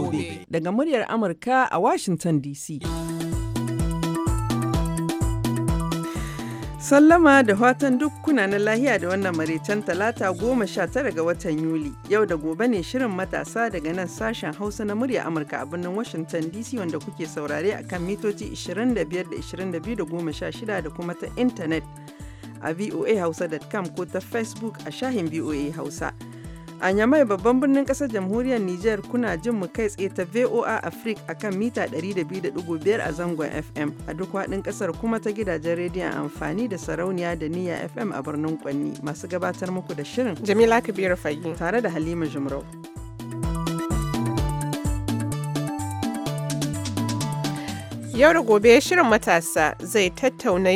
gobe daga muryar Amurka a Washington DC. Sallama da fatan duk kuna na lahiya da wannan maraicen talata goma sha tara ga watan Yuli. Yau da gobe ne shirin matasa daga nan sashen Hausa na murya Amurka a birnin Washington DC wanda kuke saurare a kan mitoci 25 da 22 da goma sha shida da kuma ta intanet a voahausa.com ko ta Facebook a shahin VOA Hausa. A Nyamai babban birnin ƙasar jamhuriyar Nijar kuna jin mu kai tsaye ta VOA Africa akan mita 102.5 a zangon FM a duk faɗin ƙasar kuma ta gidajen rediyon amfani da sarauniya da niyya FM a birnin Kwanni masu gabatar muku da shirin. Jamila Kabiru Fagi. Tare da Halima Jumrau. Yau da gobe shirin matasa zai tattauna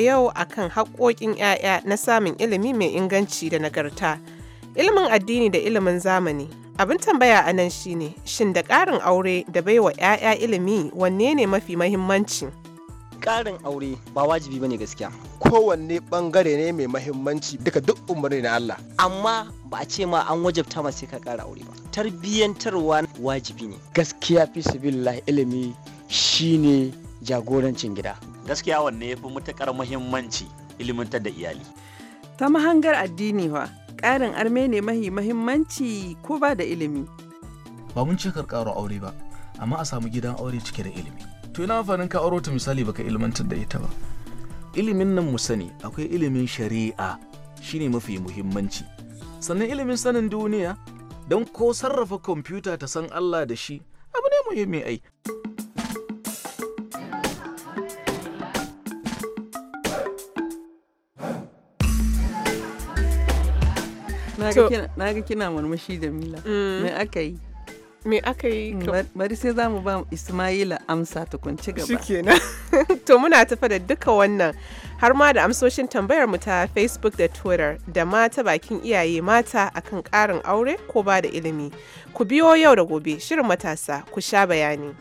yau akan haƙoƙin 'ya'ya na samun ilimi mai inganci da nagarta. Ilimin addini da ilimin zamani. Abin tambaya a nan shine, shin da ƙarin aure da baiwa 'ya'ya ilimi wanne ne mafi mahimmanci? Ƙarin aure ba wajibi bane gaskiya. Kowanne ɓangare ne mai mahimmanci duka duk umarni na Allah. Amma ba a ce ma an wajabta ma sai ka ƙara aure ba. Tarbiyyantarwa wajibi ne. Gaskiya fi sabilillah ilimi shine jagorancin gida. Gaskiya wanne ya fi matuƙar mahimmanci ilimantar da iyali. Ta mahangar addini wa. ƙarin arme ne mahi mahimmanci ko ba da ilimi ba mun ce karkaro aure ba amma a samu gidan aure cike da ilimi to ina amfanin ka aure ta misali baka ilmantar da ita ba ilimin nan mu sani akwai ilimin shari'a shine mafi muhimmanci sannan ilimin sanin duniya don ko sarrafa kwamfuta ta san Allah da shi abu ne muhimmi ai Na ga kina murmushi Jamila. Mm. Me aka yi? me aka yi bari sai za mu ba ismaila amsa ci gaba shikenan to muna tafa da duka wannan har ma da amsoshin tambayar mu ta facebook da twitter da mata bakin iyaye mata akan karin aure ko ba da ilimi ku biyo yau da gobe shirin matasa ku sha bayani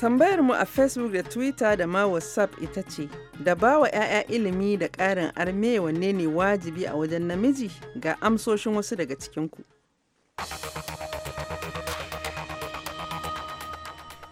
Tambayar mu a Facebook da Twitter da ma WhatsApp ita ce, da ba wa 'ya'ya ilimi da ƙarin arme wanne ne wajibi a wajen namiji ga amsoshin wasu daga cikinku. ku.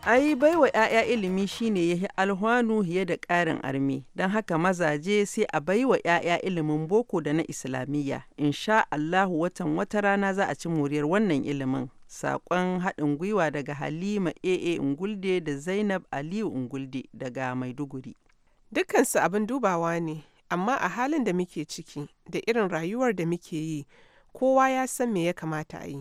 Ai baiwa 'ya'ya ilimi shine yi alhwanu fiye da ƙarin armi, don haka mazaje sai a baiwa 'ya'ya ilimin boko da na islamiyya. Insha Allahu watan wata rana za a ci moriyar wannan ilimin. Sakon haɗin gwiwa daga Halima AA Ungulde da Zainab Aliyu Ungulde daga Maiduguri. Dukkansu abin dubawa ne, amma a halin da muke ciki da irin rayuwar da muke yi, kowa ya san me ya kamata a yi.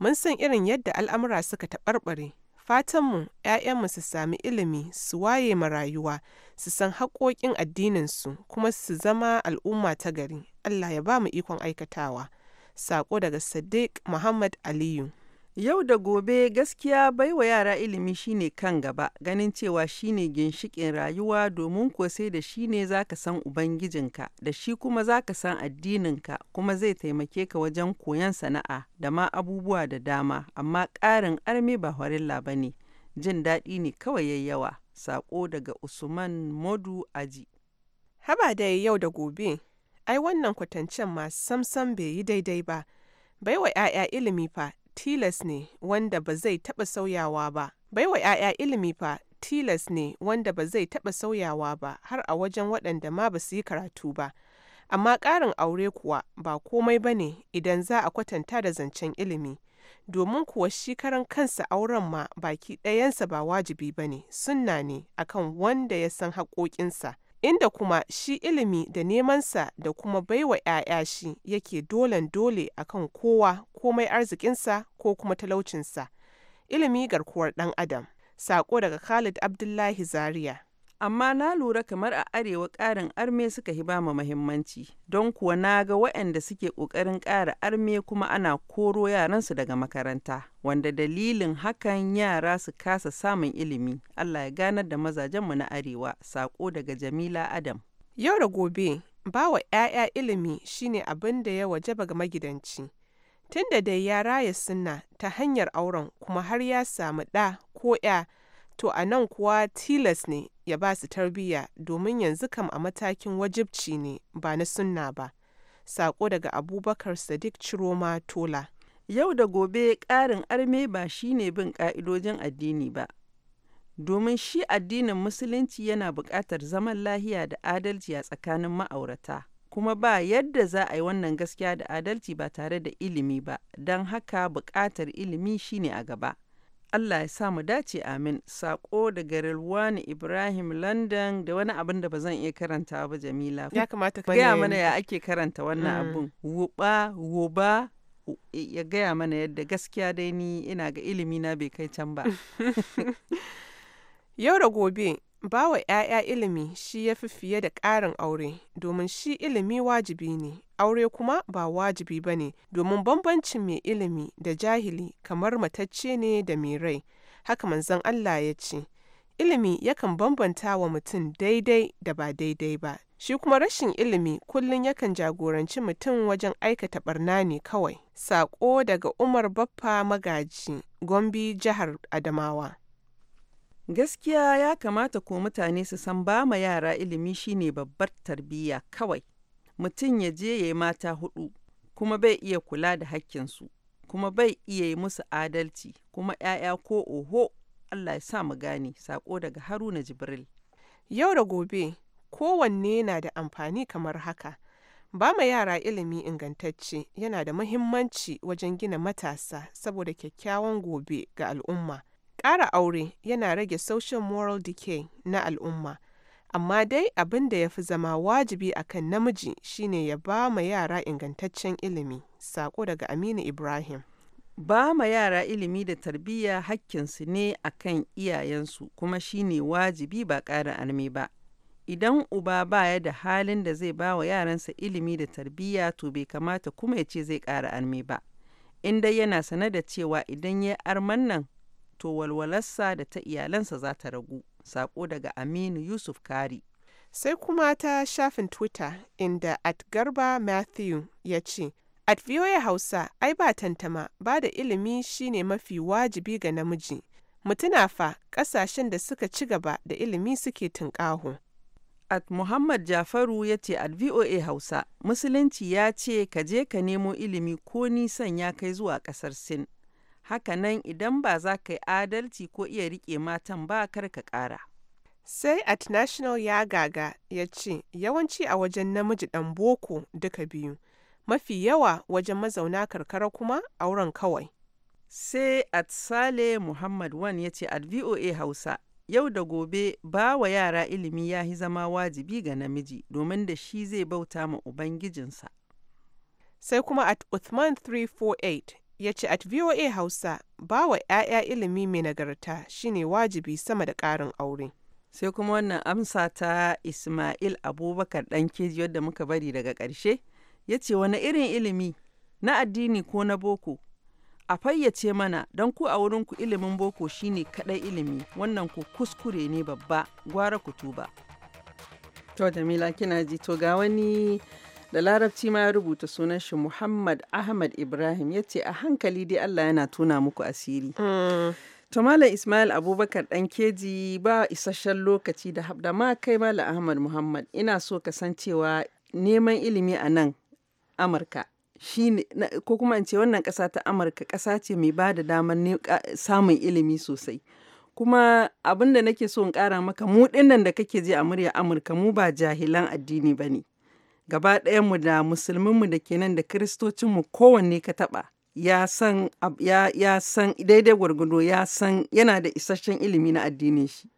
Mun san irin yadda al'amura suka taɓarɓare Fatanmu ‘ya'yanmu su sami ilimi, su waye marayuwa su san haƙoƙin addininsu kuma su zama al'umma ta gari. Allah ya ba mu ikon aikatawa. Saƙo daga Sadiq Muhammad Aliyu. Yau da gobe gaskiya baiwa yara ilimi shine kan gaba, ganin cewa shine ginshikin rayuwa domin ko sai da shi ne za ka san Ubangijinka, da shi kuma zaka ka san addininka, kuma zai taimake ka wajen koyon sana'a da ma abubuwa da dama, amma ƙarin armi ba horilla ba ne, jin daɗi ne kawai yayi yawa. Sako daga Usman Modu Aji. Haba dai yau da gobe, ai wannan kwatancen ma samsam bai yi daidai ba, baiwa 'ya'ya ilimi fa tilas ne wanda ba zai taɓa sauyawa ba. bai wa 'ya'ya ilimi fa tilas ne wanda ba zai taɓa sauyawa ba har a wajen waɗanda ma ba su yi karatu ba. Amma ƙarin aure kuwa ba komai ba ne idan za a kwatanta da zancen ilimi. Domin kuwa shi karan kansa auren ma baki ɗayansa ba wajibi ba ne, sunna ne akan wanda ya san haƙoƙinsa. inda kuma shi ilimi da nemansa da kuma baiwa ‘ya'ya shi yake dolen dole a kan kowa komai arzikinsa ko kuma talaucinsa. Ilimi garkuwar ɗan Adam. saƙo daga Khalid Abdullahi Zaria. amma na lura kamar a arewa ƙarin arme suka hi bamu mahimmanci don kuwa na ga waɗanda suke ƙoƙarin ƙara arme kuma ana koro yaransu daga makaranta wanda dalilin hakan yara su kasa samun ilimi allah ya ganar da mazajenmu na arewa sako daga jamila adam yau da gobe ba wa 'ya'ya ilimi shine abin da ya waje ga magidanci tunda dai ya raya sunna ta hanyar auren kuma har ya samu ɗa ko 'ya to a nan kuwa tilas ne ya ba su tarbiyya domin yanzu kam a matakin wajibci ne ba na sunna ba. Sako daga Abubakar Sadiq Ciroma Tola. Yau da gobe ƙarin arme ba shi ne bin ƙa'idojin addini ba. Domin shi addinin Musulunci yana buƙatar zaman lahiya da adalci a tsakanin ma'aurata. kuma ba yadda za a yi wannan gaskiya da adalci ba tare da ilimi ba don haka buƙatar ilimi shine a gaba Allah ya sa mu dace amin sako da Rilwani Ibrahim London da wani abin da ba zan iya karanta ba Jamila. Ya kamata ka gaya mana ya ake karanta wannan abin. Mm. abun. Wuba, wuba, ya gaya mana yadda gaskiya dai ni ina ga ilimi na bai kai can ba. Yau da gobe Bawa ‘ya'ya ilimi shi ya fi fiye da ƙarin aure, domin shi ilimi wajibi ne, aure kuma ba wajibi ba ne, domin bambancin mai ilimi da jahili kamar matacce ne da mai rai, haka manzon Allah ya ce. Ilimi yakan bambanta wa mutum daidai da ba daidai ba, shi kuma rashin ilimi kullum yakan jagoranci mutum wajen aikata barna ne kawai. Saƙo daga Umar Baffa Magaji, Gombe, Jihar Adamawa. Gaskiya ya kamata ko mutane su san ba ma yara ilimi shine babbar tarbiyya kawai. Mutum ya je ya yi mata hudu kuma bai iya kula da hakkinsu kuma bai iya yi musu adalci kuma 'ya'ya ko oho Allah ya sa mu gane sako daga Haruna Jibril. Yau da gobe kowanne na da amfani kamar haka. Ba ma yara ilimi ingantacce yana da muhimmanci wajen gina matasa saboda kyakkyawan gobe ga al'umma. Ƙara aure yana rage social moral decay na al'umma, amma dai abin da ya fi zama wajibi akan namiji shine ya ba ma yara ingantaccen ilimi. sako daga Aminu Ibrahim. Ba ma yara ilimi da tarbiyya hakkinsu ne akan iyayensu kuma shine wajibi ba ƙara armi ba. Idan uba baya da halin da zai ba wa yaransa ilimi da tarbiyya to bai kamata kuma ya ce zai ƙara armi ba. In dai yana sanar da cewa idan ya arman nan to walwalarsa da ta iyalansa za ta ragu sako daga aminu yusuf kari sai kuma ta shafin twitter inda at garba matthew ya ce at voa hausa ai ba tantama ba da ilimi shine mafi wajibi ga namiji mutuna fa kasashen da suka ci gaba da ilimi suke tunƙaho. at muhammad jafaru ya ce at voa hausa musulunci ya ce ka je ka nemo ilimi ko nisan ya kai zuwa ƙasar sin Hakanan idan ba za ka yi adalci ko iya riƙe matan ba kar ka ƙara. Sai at National ya gaga ya ce yawanci a wajen namiji ɗan boko duka biyu, mafi yawa wajen mazauna karkara kuma auren kawai. Sai at Sale Muhammad Wan ya ce at VOA Hausa yau da gobe ba wa yara ilimi ya yi zama wajibi ga namiji domin da shi zai bauta ma Ubangijinsa. Sai kuma at Uthman 348 ya ce at voa hausa ba wa 'ya'ya ilimi mai nagarta shine wajibi sama da ƙarin aure sai kuma wannan amsa ta ismail abubakar dan keji wadda muka bari daga ƙarshe ya ce wani irin ilimi na addini ko na boko a fayyace mana don ku a wurinku ilimin boko shine kaɗai ilimi wannan ku kuskure ne babba gwara ku tuba to jamila kina ji to ga wani da larabci ma ya rubuta sunan shi muhammad ahmad ibrahim ya ce a hankali dai allah yana tuna muku asiri mm. to malam ismail abubakar ɗan keji ba isasshen lokaci da da ma kai malam ahmad muhammad ina so ka san cewa neman ilimi a nan amurka ne ko kuma in ce wannan ƙasa ta amurka ƙasa ce mai ba da damar samun ilimi sosai kuma abin da nake so in ƙara maka mu ɗinnan da kake je a murya amurka mu ba jahilan addini ba ne gaba mu da musulminmu da kenan da kiristocinmu kowanne ka taɓa ya san ya, san daidai gwargwado ya san yana da isasshen ilimi na addinin shi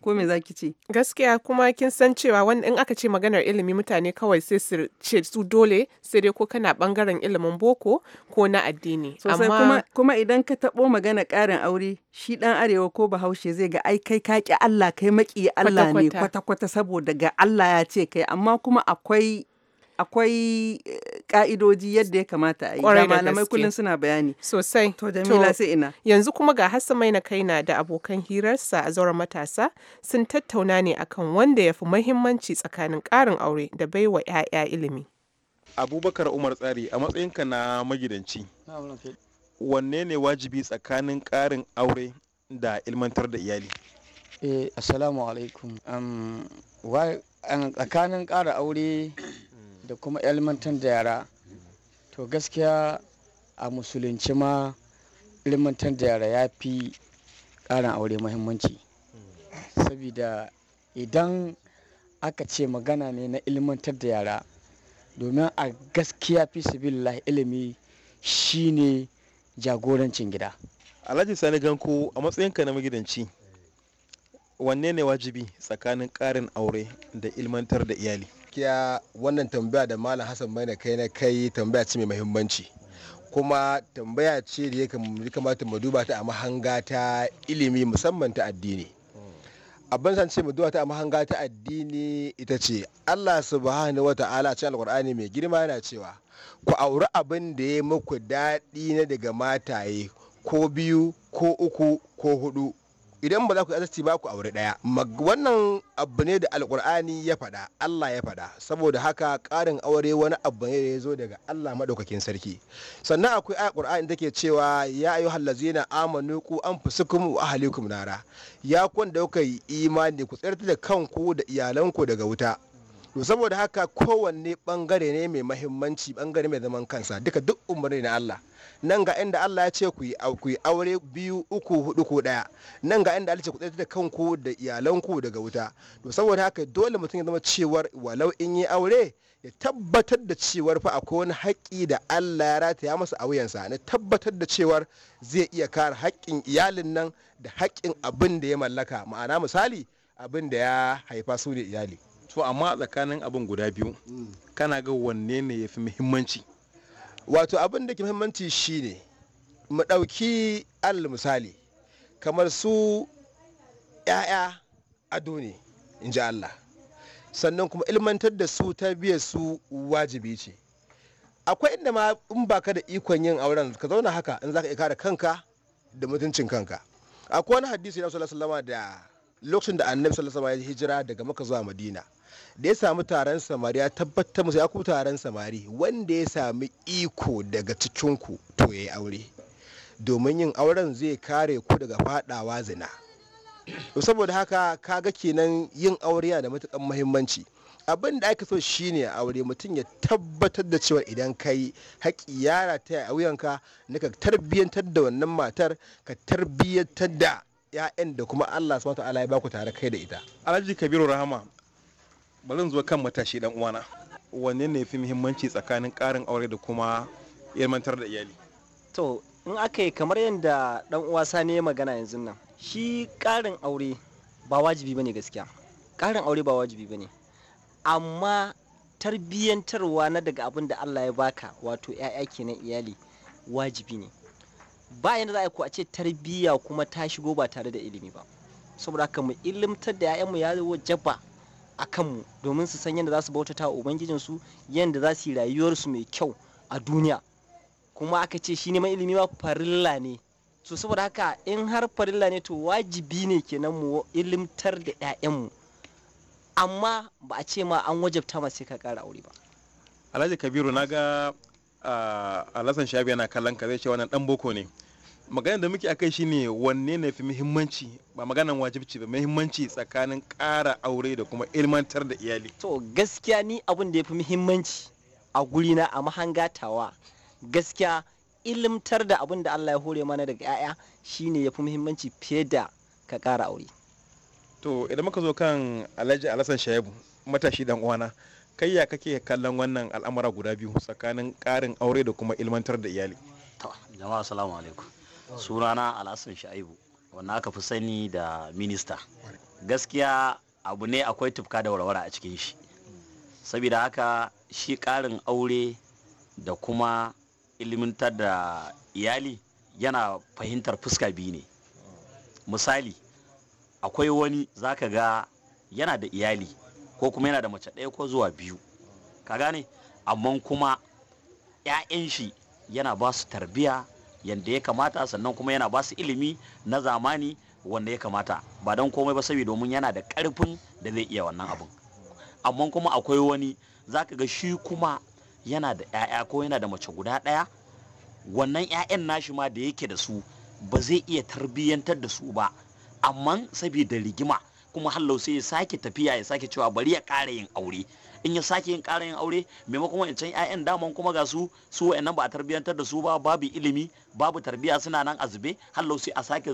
ko me zaki ce gaskiya kuma kin san cewa wanda in aka ce maganar ilimi mutane kawai sai su ce su dole sai dai ko kana bangaren ilimin boko ko na addini Amma... kuma, kuma idan ka tabo magana karin aure shi dan arewa ko bahaushe zai ga ai kai kaki Allah kai maki Allah ne kwata kwata saboda ga Allah ya ce kai amma kuma akwai akwai ka'idoji eh, yadda ya kamata a yi da malamai kullum suna bayani sosai to jamila sai ina yanzu kuma ga hassan mai na kaina da abokan hirarsa a zauren matasa sun tattauna ne akan wanda ya fi mahimmanci tsakanin ƙarin aure da baiwa 'ya'ya ilimi abubakar umar tsari a matsayinka na magidanci wanne ne wajibi tsakanin ƙarin aure da ilmantar da iyali eh assalamu alaikum um, tsakanin ƙara aure da kuma ilmantar da yara to gaskiya a musulunci ma ilmantar da yara ya fi ƙarin aure mahimmanci saboda idan aka ce magana ne na ilmantar da yara domin a gaskiya fi sabilillah ilimi shine jagorancin gida alhaji sani ganko a matsayinka na magidanci wanne ne wajibi tsakanin ƙarin aure da ilmantar da iyali gaskiya wannan tambaya da malam hassan mai na kai na kai tambaya ce mai mahimmanci kuma tambaya ce da ya kamata mu duba ta a mahanga ta ilimi musamman ta addini abin san ce mu duba ta a mahanga ta addini ita ce allah subhanahu wa ta'ala cikin alkur'ani mai girma yana cewa ku auri abin da ya muku daɗi na daga mataye ko biyu ko uku ko hudu idan ba za ku azarci ba ku aure daya wannan abu ne da alkur'ani ya faɗa Allah ya faɗa saboda haka ƙarin aure wani abu ne da ya zo daga Allah maɗaukakin sarki sannan akwai ayat qur'ani ke cewa ya ayyuhal na amanu qu anfusakum wa ahlikum nara ya kun da kuka yi imani ku tsayar da kanku da iyalanku daga wuta to saboda haka kowanne bangare ne mai mahimmanci bangare mai zaman kansa duka duk umarni na Allah nan ga inda Allah ya ce ku yi aure biyu uku hudu ko daya nan ga inda Allah ce ku tsaye da kanku da iyalanku daga wuta to saboda haka dole mutum ya zama cewar walau in yi aure ya tabbatar da cewar fa akwai wani haƙƙi da Allah ya rataya masa a wuyansa na tabbatar da cewar zai iya kare haƙƙin iyalin nan da haƙƙin abin da ya mallaka ma'ana misali abin da ya haifa su ne iyali to amma tsakanin abin guda biyu kana ga wanne ne ya fi muhimmanci wato abin da ke muhimmanci shine mu ɗauki al misali kamar su 'ya'ya ado ne in ji Allah sannan kuma ilmantar da su ta biya su wajibi ce akwai inda ma in baka da ikon yin auren ka zauna haka in zaka iya kare kanka da mutuncin kanka akwai wani hadisi na sallallahu alaihi da lokacin da annabi sallallahu alaihi wasallam ya hijira daga maka zuwa madina da ya samu taron samari ya tabbatar musu ya kuma taron samari wanda ya sami iko daga cikinku to ya yi aure domin yin auren zai kare ku daga fadawa zina saboda haka kaga kenan yin aure yana da matukan muhimmanci abin da ake so shine a aure mutum ya tabbatar da cewa idan kai haƙi yara ta a wuyanka na ka tarbiyyantar da wannan matar ka tarbiyyantar da 'ya'yan da kuma Allah subhanahu ta'ala ya baku tare kai da ita Alhaji Kabiru Rahama bari zo kan matashi dan uwana wanne ne fi muhimmanci tsakanin karin aure da kuma ilmantar da iyali to in aka yi kamar yadda dan uwa sani ya magana yanzu nan shi karin aure ba wajibi bane gaskiya karin aure ba wajibi bane amma tarbiyyantarwa na daga abin da Allah ya baka wato 'ya'ya kenan iyali wajibi ne ba yadda za a yi ko a ce tarbiyya kuma ta shigo ba tare da ilimi ba saboda haka mu ilimtar da 'ya'yanmu ya zo jabba a kanmu domin su san yadda za su bautata wa ubangijinsu yadda za su yi rayuwarsu mai kyau a duniya kuma aka ce shi neman ilimi ma farilla ne so saboda haka in har farilla ne to wajibi ne kenan mu ilimtar da 'ya'yanmu amma ba a ce ma an wajabta ma sai ka kara aure ba alhaji kabiru na ga Alasan shabi yana kallon ka zai ce wannan dan boko ne magana da muke akai shine wanne ne fi muhimmanci ba maganan wajibci ba muhimmanci tsakanin ƙara aure da kuma ilmantar da iyali to gaskiya ni abin da ya fi muhimmanci a guri na a mahangatawa gaskiya ilimtar da abin da Allah ya hore mana daga 'ya'ya shine ya fi muhimmanci fiye da ka ƙara aure to idan muka zo kan alhaji alasan shaibu matashi dan uwana kai ya kake kallon wannan al'amura guda biyu tsakanin ƙarin aure da kuma ilmantar da iyali jama'a assalamu alaikum sunana alhassan sha'ibu wannan aka fi sani da minista gaskiya abu ne akwai tufka da warware a cikin shi saboda haka shi ƙarin aure da kuma ilmantar da iyali yana fahimtar fuska biyu ne misali akwai wani zaka ga yana da iyali ko kuma yana da mace ɗaya ko zuwa biyu ka gane amma kuma 'ya'yan shi yana ba su tarbiya yadda ya kamata sannan kuma yana ba su ilimi na zamani wanda ya kamata ba don komai ba sabi domin yana da ƙarfin da zai iya wannan abin amma kuma akwai wani za ka ga shi kuma yana da 'ya'ya ko yana da mace guda ɗaya wannan 'ya'yan nashi ma da yake da su ba zai iya tarbiyyantar da su ba amma sabida rigima kuma hallau sai ya sake tafiya ya sake cewa bari ya ƙara yin aure in ya sake yin ƙara yin aure maimakon can 'ya'yan daman kuma ga su su wa'annan ba a tarbiyyantar da su ba babu ilimi babu tarbiyya suna nan a zube hallau sai a sake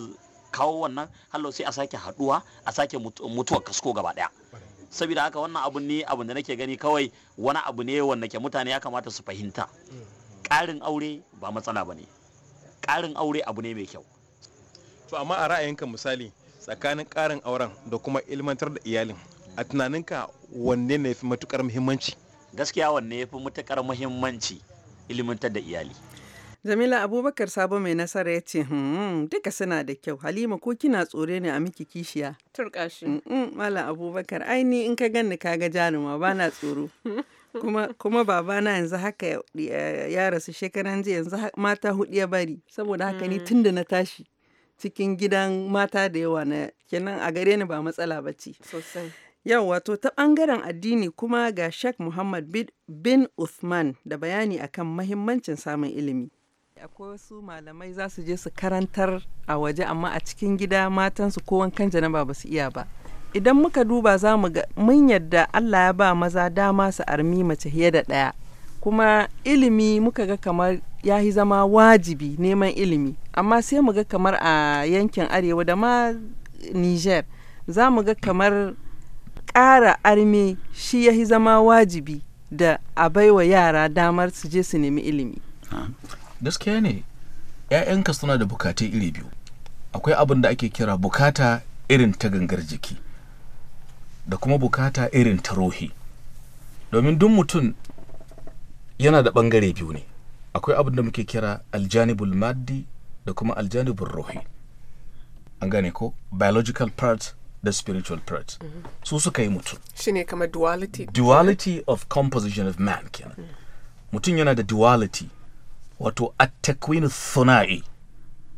kawo wannan hallau sai a sake haɗuwa a sake mutuwar kasko gaba ɗaya saboda haka wannan abun ne abun da nake gani kawai wani abu ne wanda ke mutane ya kamata su fahimta ƙarin aure ba matsala ba ne ƙarin aure abu ne mai kyau to amma a ra'ayinka misali tsakanin karin auren da kuma ilmantar da iyalin a tunaninka wanne ne fi matukar muhimmanci gaskiya wanne ya fi matukar muhimmanci ilmantar da iyali Jamila Abubakar Sabo mai nasara ya ce, hmm, duka suna da kyau, Halima ko kina tsore ne a miki kishiya?" turkashi mala Abubakar, ai in ka ganni ka ga jaruma ba na tsoro. kuma kuma babana yanzu haka eh, ya rasu shekaran jiya yanzu mata hudu ya bari saboda haka ni mm. tunda na tashi cikin gidan mata da yawa na kenan a gare ni ba matsala ba ce. Yau wato ta ɓangaren addini kuma ga Sheikh Muhammad bin Uthman da bayani akan mahimmancin samun ilimi. akwai wasu malamai za su je su karantar a waje amma a cikin gida matansu ko wankan janaba ba su iya ba idan muka duba za mu ga mun yadda allah ya ba maza dama su armi mace fiye da ɗaya kuma ilimi muka ga kamar ya yi zama wajibi neman ilimi amma sai mu ga kamar a yankin arewa da ma niger za mu ga kamar ƙara arme shi ya yi zama wajibi da a baiwa yara damar su je su nemi ilimi gaskiya ne 'ya'yanka suna da bukatai iri biyu akwai abin da ake kira bukata irin ta gangar jiki da kuma bukata irin ta rohi domin duk mutum yana da ɓangare biyu ne akwai abin da muke kira aljanibul maddi da kuma aljanibul ruhi an gane ko biological part da spiritual part mm -hmm. su suka yi mutum shine kamar duality duality of composition of man kenan mhm. mutum yana da duality wato at-takwin thuna'i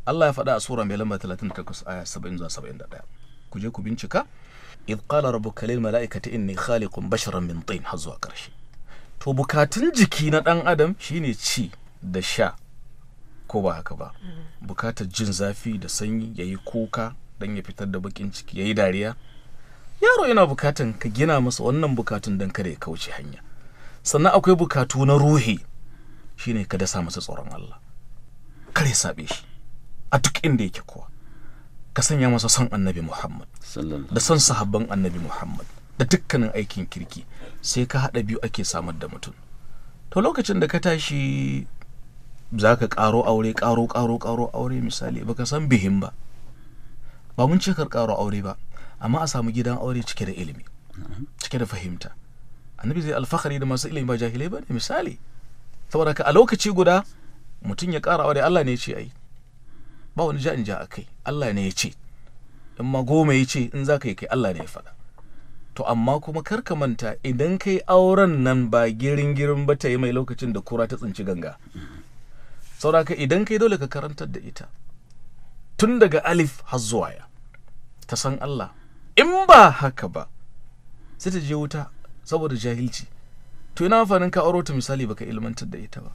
Allah ya faɗa a sura mai lamba 38 aya 70 zuwa 71 ku je ku bincika idh qala rabbuka lil mala'ikati inni khaliqun basharan min tin har zuwa karshe. to bukatun jiki na ɗan adam shine ci da sha ko ba haka ba bukatar jin zafi da sanyi ya yi kuka don ya fitar da bakin ciki ya yi dariya yaro yana bukatan ka gina masa wannan bukatun don kada ya kauce hanya sannan akwai bukatu na ruhi shine ka dasa masa tsoron Allah kare sabe shi a duk inda yake kowa ka sanya masa son annabi Muhammad da son sahabban annabi Muhammad da dukkanin aikin kirki sai ka haɗa biyu ake samar da mutum to lokacin da ka tashi za ka ƙaro aure ƙaro ƙaro ƙaro aure misali baka san bihin ba ba mun ce ƙaro aure ba amma a samu gidan aure cike da ilimi cike da fahimta annabi zai alfahari da masu ilimi ba jahilai ba ne misali saboda ka a lokaci guda mutum ya ƙara aure Allah ne ya ce ai ba wani ja in ja akai Allah ne ya ce in ma goma ya ce in za ka yi kai Allah ne ya faɗa to amma kuma kar ka manta idan kai auren nan ba girin girin ba ta yi mai lokacin da kura ta tsinci ganga sauraka idan kai dole ka karantar da ita tun daga alif har zuwa ya ta san Allah in ba haka ba sai ta je wuta saboda jahilci to ina amfanin ka auro ta misali baka ilmantar da ita ba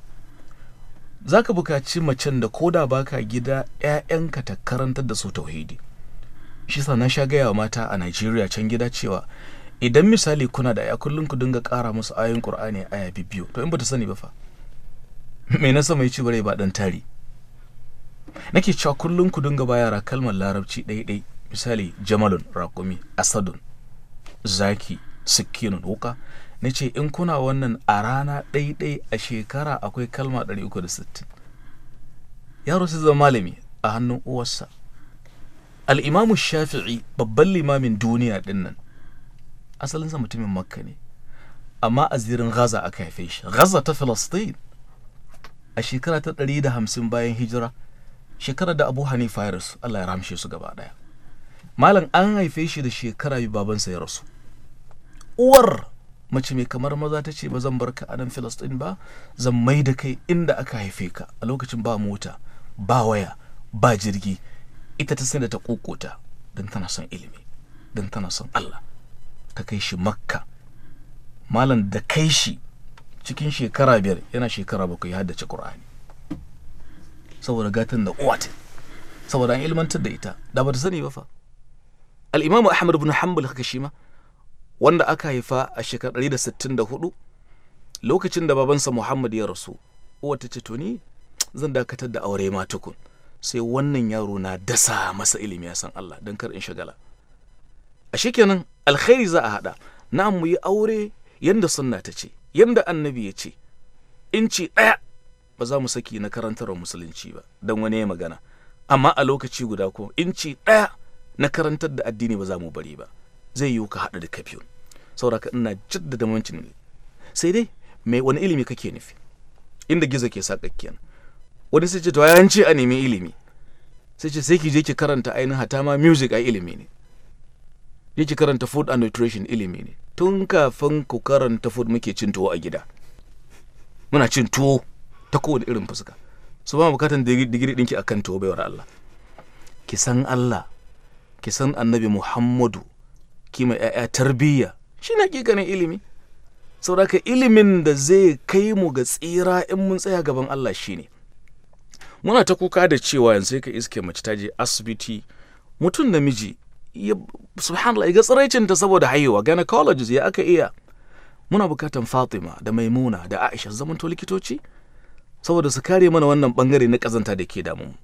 za ka bukaci macen da koda baka gida 'ya'yanka ta karantar da su tauhidi shi sa na sha gaya wa mata a Najeriya can gida cewa idan misali kuna da ya kullum ku dinga ƙara musu ayoyin Qur'ani aya biyu to in ba ta sani ba fa mai na sama ya ci bare ba dan tari nake cewa kullum ku dinga ba yara kalmar larabci ɗaiɗai misali jamalun rakumi asadun zaki sikkinun wuka nace in kuna wannan a rana ɗaiɗai a shekara akwai kalma 360 yaro sai zama malami a hannun uwarsa al'imamu shafi'i babban limamin duniya din Asalin asalinsa mutumin makka ne amma a gaza aka haife shi gaza ta filastin a shekara ta ɗari da hamsin bayan hijira shekarar da abu hanifa ya rasu allah ya ramshe su gaba daya malam an haife shi da shekara yi babansa ya rasu uwar mace mai kamar maza ta ce ba zan bar ka anan filistin ba zan mai da kai inda aka haife ka a lokacin ba mota ba waya ba jirgi ita ta sanda ta kokota don tana son ilimi don tana son allah ta kai shi makka malam da kai shi cikin shekara biyar yana shekara bakwai ya haddace ƙur'ani saboda gatan da uwata saboda an ilmantar da ita da ba ta sani ba fa al-imamu ahmad ibn hanbal haka shi ma wanda aka haifa a shekarar 164 lokacin da babansa muhammad ya rasu uwa ta ce to ni zan dakatar da aure ma tukun sai wannan yaro na dasa masa ilimi ya san Allah don kar in shagala a shekenan alkhairi za a hada na mu yi aure yanda sunna ta ce yadda annabi ya ce inci ɗaya ba za mu saki na karantar musulunci ba don wani ya magana amma a lokaci guda ko inci ɗaya na karantar da addini ba za mu bari ba zai yiwu ka haɗa da kafiyon sauraka ina jaddada mancin ne sai dai mai wani ilimi kake nufi inda gizo ke sa sakakkiyan wani sai ce to ya a nemi ilimi sai ce sai ki je ki karanta ainihin hatama music a ilimi ne je ki karanta food and nutrition ilimi ne tun kafin ku karanta food muke cin tuwo a gida muna cin tuwo ta kowane irin fuska su ba bukatan digiri dinki akan tuwo baiwar Allah ki san Allah ki san annabi Muhammadu ki mai 'ya'ya tarbiyya shi na ƙiƙanin ilimi sauraka ilimin da zai kai mu ga tsira in mun tsaya gaban Allah shine muna ta kuka da cewa yanzu ka iske mace ta je asibiti mutum namiji subhanallah ga ta saboda haihuwa gynecologist ya aka iya muna bukatan fatima da maimuna da aisha to likitoci saboda su kare mana wannan bangare na kazanta da ke damu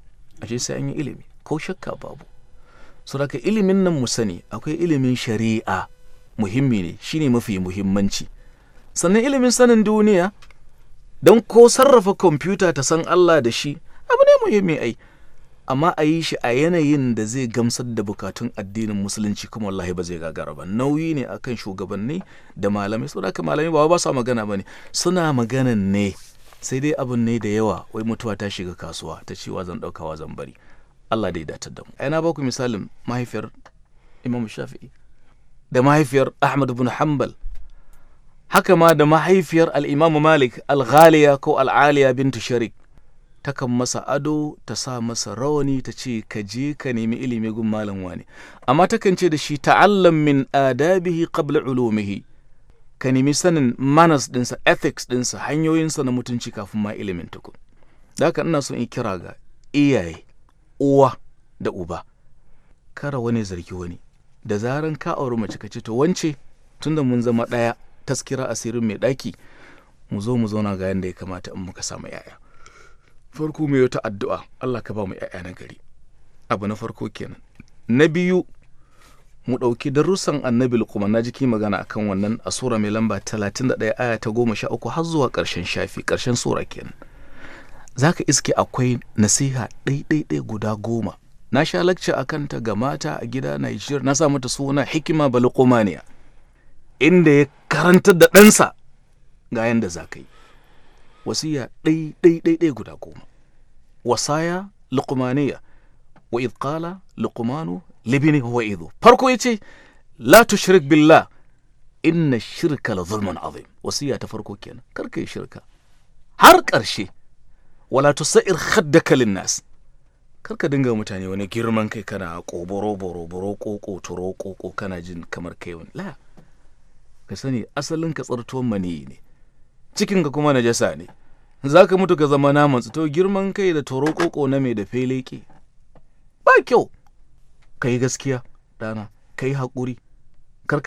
ashe sai an yi ilimi ko shakka babu Su saboda ilimin nan mu sani akwai ilimin shari'a muhimmi ne shine mafi muhimmanci sannan ilimin sanin duniya don ko sarrafa kwamfuta ta san Allah da shi abu ne muhimmi ai amma a yi shi a yanayin da zai gamsar da bukatun addinin musulunci kuma wallahi ba zai gagara ba nauyi ne akan shugabanni da malamai saboda ka malamai ba ba su magana ba ne suna magana ne sai dai abin ne da yawa wai mutuwa ta shiga kasuwa ta cewa zan ɗaukawa zan bari Allah dai datar da mu ai na ba ku misalin mahaifiyar Imam Shafi'i da mahaifiyar Ahmad ibn Hanbal haka ma da mahaifiyar al-Imam Malik al-Ghaliya ko al-Aliya bint Sharik takan masa ado ta sa masa rawani ta ce ka je ka nemi ilimi gun malam wani amma takan ce da shi ta'allam min adabihi qabla ulumihi ka nemi sanin manas dinsa ethics dinsa hanyoyinsa na mutunci kafin ma ilimin tukun da haka ina son in kira ga iyaye uwa da uba kara wani zargi wani da zaran ka auri mace ka ce to wance tunda mun zama ɗaya taskira asirin mai ɗaki mu zo mu zauna ga yadda ya kamata in muka samu 'ya'ya farko mai wata addu'a Allah ka ba mu ‘ya'ya na gari abu na farko kenan na biyu mu ɗauki darussan annabi kuma na jiki magana akan wannan a sura mai lamba 31 aya ta goma sha uku har zuwa ƙarshen shafi ƙarshen sura kenan za ka iske akwai nasiha ɗaiɗaiɗai guda goma na sha lakca a kanta ga mata a gida Nigeria na sa mata suna hikima balukumaniya inda ya karantar da ɗansa ga yanda za ka yi wasiya ɗai ɗai ɗai guda goma wasaya luqmaniya wa idh qala luqmanu libni huwa farko yace la tushrik billah inna shirka la zulmun azim wasiya ta farko kenan kar ka yi shirka har karshe wala tusair khaddaka nas kar ka dinga mutane wani girman kai kana ƙoboro boro boro ƙoƙo turo ƙoƙo kana jin kamar kai wani la ka sani asalin ka tsartuwan maniyi ne cikinka kuma najasa ne za ka mutu ka zama naman tsito. girman kai da toro koko na mai da feleke ba kyau ka yi gaskiya dana ka yi haƙuri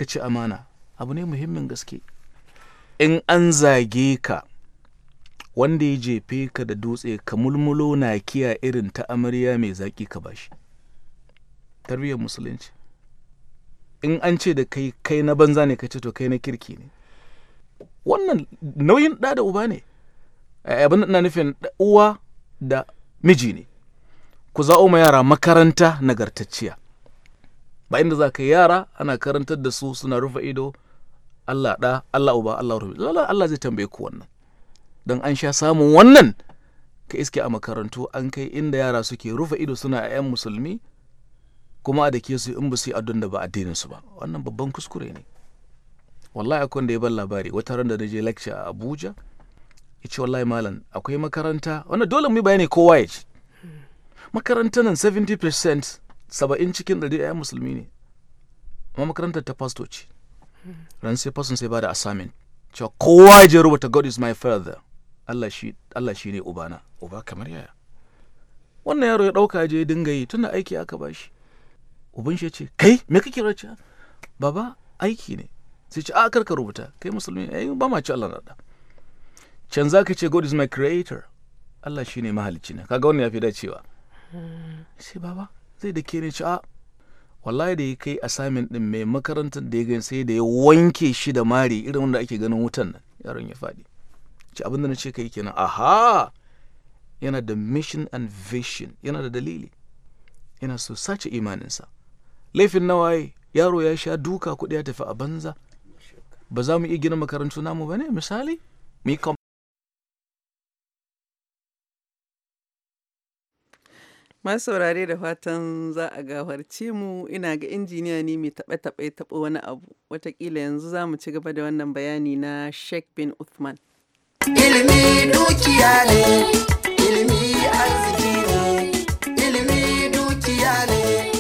ci amana abu ne muhimmin gaske in an zage ka wanda ya jefe ka da dutse ka mulmulo na kiya irin ta amarya mai zaƙi ka bashi tarbiyyar musulunci in an ce da kai kai na banza ne ka ce to kai na kirki ne wannan nauyin ɗa da uba ne eh, abin na nufin uwa da miji ne ku za'o ma yara makaranta nagartacciya ba inda za ka yara ana karantar da su suna rufe ido Allah ɗa Allah uba Allah rufe Allah zai tambaye ku wannan don an sha samun wannan ka iske a makarantu an kai inda yara suke rufe ido suna a 'yan musulmi kuma a da ke su in ba su yi addun da ba addinin su ba wannan babban kuskure ne wallahi akwai da ya ban labari wata ran da na je lecture a abuja ya ce wallahi malam akwai makaranta wannan dole mu bayani kowa ya ci makaranta nan 70% saba'in cikin ɗari ɗaya musulmi ne amma makarantar ta pastor ce ran sai pastor sai ba da assignment cewa kowa ya je rubuta god is my father allah shi allah shi ne ubana uba kamar yaya wannan yaro ya ɗauka ya je ya dinga yi tunda aiki aka bashi ubin shi ya ce kai me kake race baba aiki ne sai ce a ka rubuta kai musulmi eh ba ma ci Allah na da can za ka ce God is my creator Allah shine mahalicci na kaga wannan ya fi dacewa sai baba zai da ke ne ci a wallahi da ya kai assignment din mai makarantar da ya gani sai da ya wanke shi da mari irin wanda ake ganin wutan nan yaron ya faɗi ci abin da na ce kai kenan aha yana da mission and vision yana da dalili yana so sace imaninsa laifin nawaye yaro ya sha duka kuɗi ya tafi a banza ba za mu iya gina makarantu namu ba ne misali masu saurare da fatan za a gafarce mu ina ga injiniya ne mai taɓe taɓe taɓa wani abu watakila yanzu za mu ci gaba da wannan bayani na sheikh bin uthman ilimi dukiya ne ilimi arziki ne ilimi dukiya ne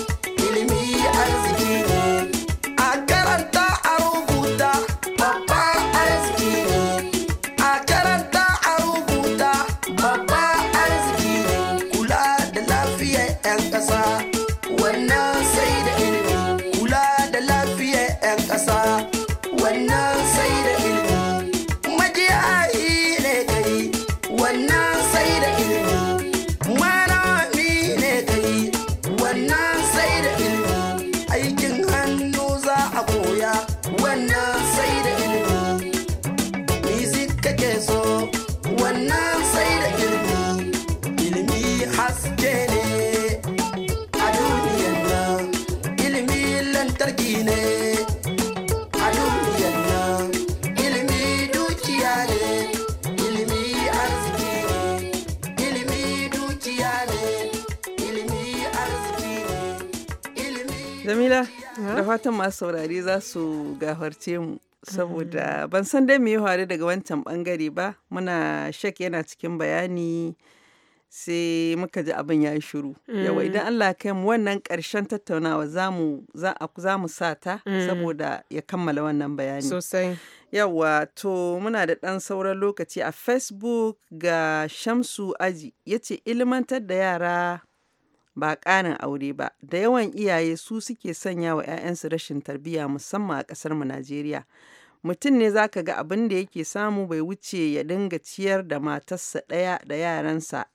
fatan masu saurari za su gafarce mu saboda ban san dai mu yi faru daga wancan bangare ba muna shak yana cikin bayani sai muka ji abin ya yi shiru yawa mm. idan Allah kai mu wannan karshen tattaunawa za mu sa ta mm. saboda ya kammala wannan bayani sosai yawa to muna da ɗan sauran lokaci a facebook ga shamsu aji ya ce ilimantar da yara ba ƙarin aure ba da yawan iyaye su suke sanya wa 'ya'yansu rashin tarbiyya musamman a ƙasar mu Najeriya mutum ne zaka ga abin da yake samu bai wuce ya dinga ciyar da matarsa ɗaya da yaransa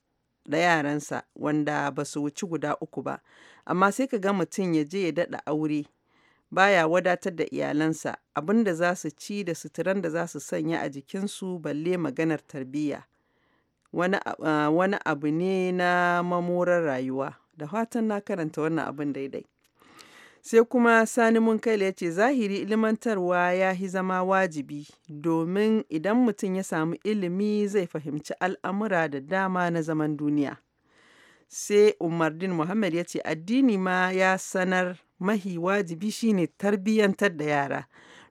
da yaransa wanda ba su wuci guda uku ba amma sai ka ga mutum ya je ya daɗa aure baya wadatar da iyalansa abin da za su ci da suturan da za su sanya a jikinsu balle maganar tarbiyya wani, wani abu ne na mamorar rayuwa Da fatan na karanta wannan abin daidai. Sai kuma Sani Munkaila ya ce zahiri ilimantarwa ya hi zama wajibi domin idan mutum ya samu ilimi zai fahimci al'amura da dama na zaman duniya. Sai Umardin Muhammad ya ce addini ma ya sanar mahi wajibi shine tarbiyyantar da yara.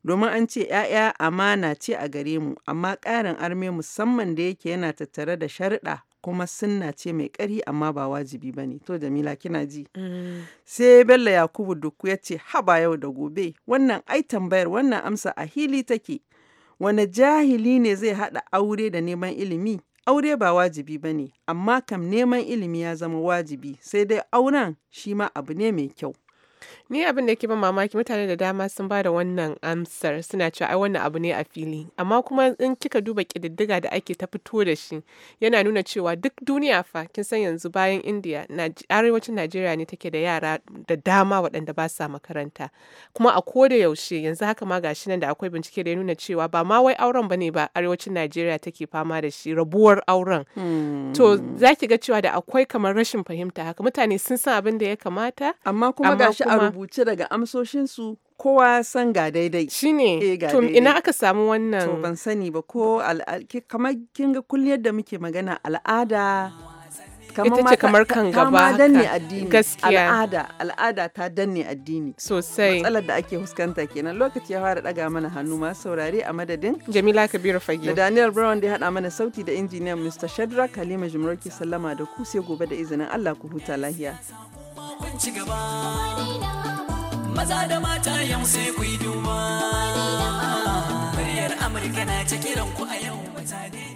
domin an ce ‘ya'ya amana ce a gare mu, amma ƙarin arme musamman da yake yana tattare da sharɗa kuma sunna ce mai ƙari amma ba wajibi ba ne to jamila kina ji mm. sai bello yakubu duku ya ce haba yau da gobe wannan ai tambayar wannan amsa a hili take wani jahili ne zai haɗa aure da neman ilimi aure ba wajibi ba ne amma kam neman ilimi ya zama wajibi sai dai auren shi ma abu ne mai kyau Ni abin da yake ban mamaki mutane da dama sun ba da wannan amsar suna cewa ai wannan abu ne a fili amma kuma in kika duba kididdiga da ake ta fito da shi yana nuna cewa duk duniya fa kin san yanzu bayan India arewacin Najeriya ne take da yara da dama waɗanda ba sa makaranta kuma a koda yaushe yanzu haka ma gashi nan da akwai bincike da ya nuna cewa ba ma wai auren bane ba arewacin Najeriya take fama da shi rabuwar auren hmm. to zaki ga cewa da akwai kamar rashin fahimta haka mutane sun san abin da ya kamata amma kuma gashi a rubuce daga amsoshinsu kowa san ga daidai. Shi ne, eh, to ina aka samu wannan? To ban sani ba ko kamar kin ga kullum yadda muke magana al'ada. Ita ce kamar kan gaba ta danne addini gaskiya al'ada al'ada ta danne addini sosai matsalar da ake huskanta kenan lokaci ya fara daga mana hannu ma saurare a madadin Jamila Kabiru Fage da Daniel Brown da ya hada mana sauti da injiniyan Mr. Shadrack Halima Jumroki sallama da ku sai gobe da izinin Allah ku huta lahiya kun ci gaba maza da mata yau sai ku yi duba muryar amurka na ta kiran ku a yau mutane